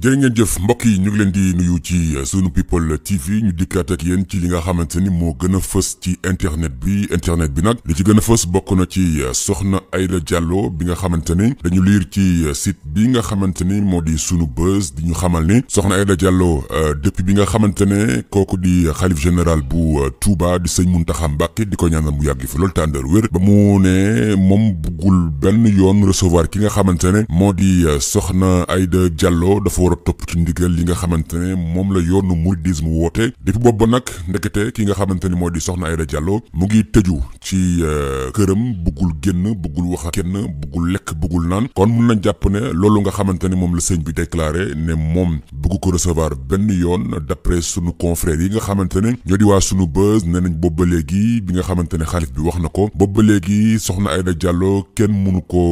jërë ngeen jëf mbokk yi ñu ngi leen di nuyu ci euh, sunu people TV ñu dikkaat ak yéen ci li nga xamante ni moo gën a fës ci internet bi internet bi nag li ci gën a fës bokk na ci euh, soxna Aïda Diallo bi nga xamante ni dañu liir ci euh, site bi nga xamante ni moo di sunu buzz di ñu xamal ni soxna Aïda Diallo depuis bi nga xamante ne kooku di xalif général bu Touba di sëñ Muntaxa Mbàkke di ko ñaanal mu yàgg fi loolu tàndar wér ba mu ne moom buggul benn yoon recevoir ki nga xamante ne moo di soxna Aïda Diallo dafa war a topp ci ndigal yi nga xamante ne moom la yoonu mouridisme woote depuis boobu nag ndekete di soxna Aïda Diallo mu ngi tëju ci euh, këram buggul génn buggul wax ak kenn buggul lekk buggul naan kon mun nañ jàpp ne loolu nga xamante ni moom la sëñ bi déclaré ne moom bugg ko recevoir benn yoon d'après sunu confrères yi nga xamante ne ñoo di waa sunu bës nee nañ boobu ba léegi bi nga xamante ne xalif bi wax na ko boobu ba léegi soxna Aïda Diallo kenn mënu ko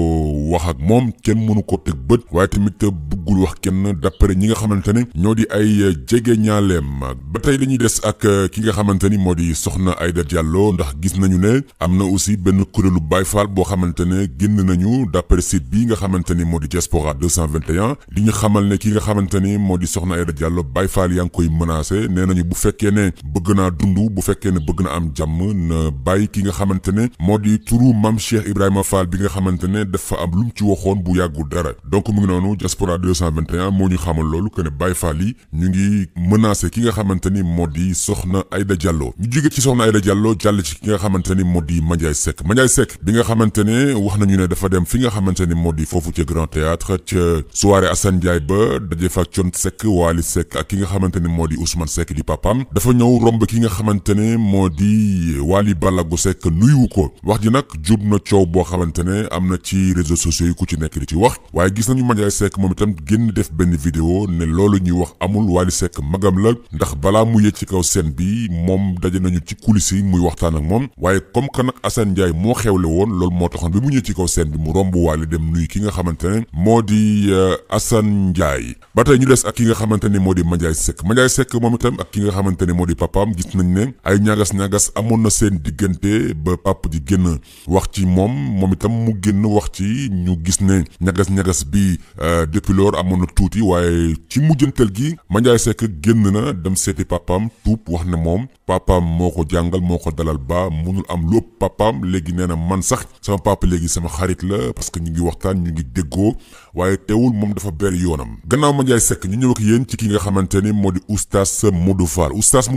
wax ak moom kenn mënu ko teg bët waaye tamit buggul wax kenn d'après ñi nga xamante ne ñoo di ay jege ñaaleem ba tey dañuy des ak euh, ki nga xamante ni moo di soxna Aïda Diallo ndax gis nañu ne am na aussi benn kuréelu Baye Fall boo xamante ne génn nañu d'après site bi nga xamante ni moo di Diaspora 221 di ñu xamal ne ki nga xamante ni moo di soxna Aïda Diallo Baye Fall yaa ngi koy menacé nee nañu bu fekkee ne bëgg naa dund bu fekkee ne bëgg na am jàmm na bàyyi ki nga xamante ne moo di turu Mame Cheikh Ibrahima Fall bi nga xamante ne dafa am lu mu ci waxoon bu yàggul dara donc mu ngi noonu Diaspora 221 moo ñu xamal loolu que ne Baye Fall yi ñu ngi menacé ki nga xamante ni moo di soxna Aïda Diallo ñu jóge ci soxna Aïda Diallo jàll ci ki nga xamante ni moo di Mandiaye Seck Mandiaye Seck bi nga xamante ne wax nañu ne dafa dem fi nga xamante ni moo di foofu ca Grand Théâtre ca soirée Assane Ndiaye ba daje fa Thione Seck sekk Seck ak ki nga xamante ni moo di Ousmane Seck di papam dafa ñëw romb ki nga xamante ne moo di Waly Ballago Seck nuyuwu ko wax ji nag jub na coow boo xamante ne am na ci réseaux sociaux yi ku ci nekk di ci wax waaye gis nañu Mandiaye Seck moom itam génn def benn vidéo ne loolu ñuy wax amul Wally Seck magam la ndax balaa mu yëg ci kaw seen bi moom daje nañu ci coulisse muy waxtaan ak moom waaye comme que nag Assane Ndiaye moo xewle woon loolu moo taxoon bi mu ñëw ci kaw seen bi mu romb Wally dem nuyu ki nga xamante ne moo di euh, Assane Ndiaye ba tey ñu des ak ki nga xamante ne moo di Mandiaye sekk Mandiaye sekk moom itam ak ki nga xamante ne moo di papaam gis nañ ne ay ñaagas-ñaagas amoon na seen diggante ba pap di génn wax ci moom moom itam mu génn wax ci ñu gis ne ñagas-ñagas bi euh, depuis loolu amoon tuuti waaye ci mujjantal gi Mandiaye Seck génn na dem seeti papaam tuub wax na moom papaam moo ko jàngal moo ko dalal ba munul am lu ëpp papaam léegi nee na man sax sama papa léegi sama xarit la parce que ñu ngi waxtaan ñu ngi déggoo waaye teewul moom dafa ber yoonam gannaaw Mandiaye Seck ñu ñëw ak yéen ci ki nga xamante ni moo di oustaz Modou Fall oustaz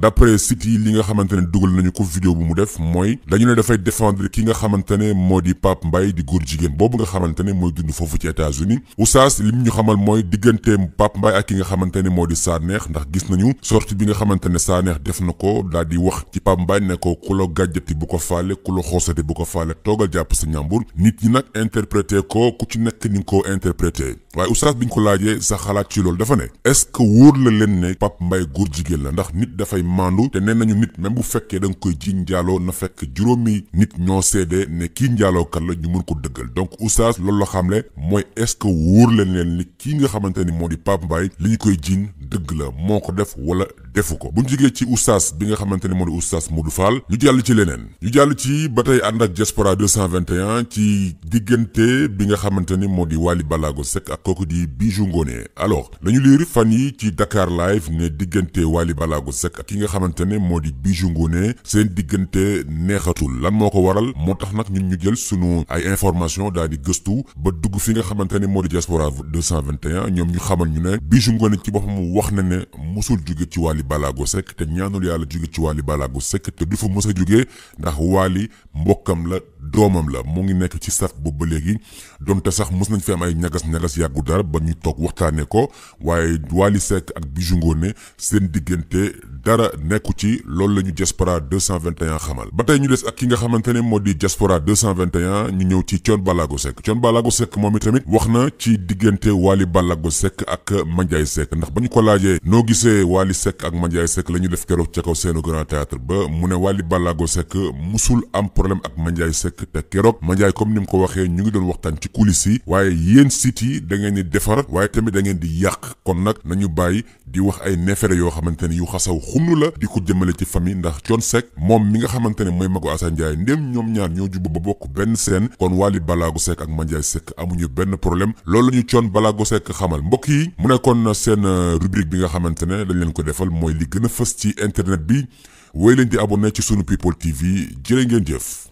d'après site li nga xamante ne dugal nañu ko vidéo bu mu def mooy dañu ne dafay défendre ki nga xamante ne moo di Pape Mbaye di góor jigéen boobu nga xamante ne mooy dund foofu ci diggante Pape Mbaye ak ki nga xamante ne moo di Sanex ndax gis nañu sortie bi nga xamante ne Sanex def na ko daal di wax ci Pape Mbaye ne ko ku la gàjjati bu ko faale ku la xoosati bu ko faale toogal jàpp sa ñàmbur nit ñi nag interprété ko ku ci nekk ni nga koo interprété waaye oustaz bi ñu ko laajee sa xalaat ci loolu dafa ne est-ce que wóor la leen ne Pape Mbaye góor jigéen la ndax nit dafay maandu te nee nañu nit même bu fekkee da nga koy jiñ njaaloo na fekk juróomi nit ñoo seede ne kii njaalookat la ñu mën ko dëggal donc oustaz loolu la xamle mooy est-ce que wóor la leen ni kii xamante ni moo di Pape Mbaye li ñu koy jiiñ dëgg la moo ko def wala defu ko bu ñu jógee ci oustaz bi nga xamante ne moo di oustaz Modou Fall ñu jàll ci leneen ñu jàll ci ba tey ànd ak diaspora 221 ci diggante bi nga xamante ni moo di Wally Ballago Seck ak kooku di Bijou Ngoné alors lañu liir fan yi ci Dakar live ne diggante Wally Ballago Seck ak ki nga xamante ne moo di Bijou Ngoné seen diggante neexatul lan moo ko waral moo tax nag ñu ñu jël suñu ay information daal di gëstu ba dugg fi nga xamante ne moo di diaspora 221 ñoom ñu xamal ñu ne Bijou Ngoné ci boppam wax na ne musul jóge ci Wally Wally Ballago te ñaanul yàlla jóge ci Wally Ballago Seck te du fa mos a ndax Wally mbokkam la doomam la mu ngi nekk ci saf boobu ba léegi donte sax mos nañ fi am ay ñagas-ñagas yàggu dara ba ñu toog waxtaanee ko waaye Wally Seck ak Bijou Ngoné seen diggante dara nekku ci loolu la ñu Diaspora 221 xamal ba tey ñu des ak ki nga xamante ne moo di Diaspora 221 ñu ñëw ci Thione Ballago Seck Thione Ballago Seck moom itamit wax na ci diggante Wally Ballago Seck ak Mandiaye Seck ndax ba ñu ko laajee noo gisee ak sekk Seck la ñu def keroog ca kaw seenu grand théâtre ba mu ne Wally Ballago Seck musul am problème ak Mandiaye sekk te keroog Mandiaye comme ni mu ko waxee ñu ngi doon waxtaan ci coulisses yi waaye yéen sites yi da ngeen di defar waaye tamit da ngeen di yàq kon nag nañu bàyyi di wax ay neefere yoo xamante ne yu xasaw xunnu la di ko jëmale ci famille ndax Thione Seck moom mi nga xamante ne mooy magu Assane Ndiaye ndéem ñoom ñaar ñoo jubbu ba bokk benn seen kon Wally Ballago sekk ak Mandiaye Seck amuñu benn problème loolu la ñu Thione sekk xamal mbokk yi mu nekkoon seen euh, rubrique bi nga xamante ne dañ leen ko defal mooy li gën a fës ci internet bi wéy leen di abonné ci sunu people tv jërë ngeen jëf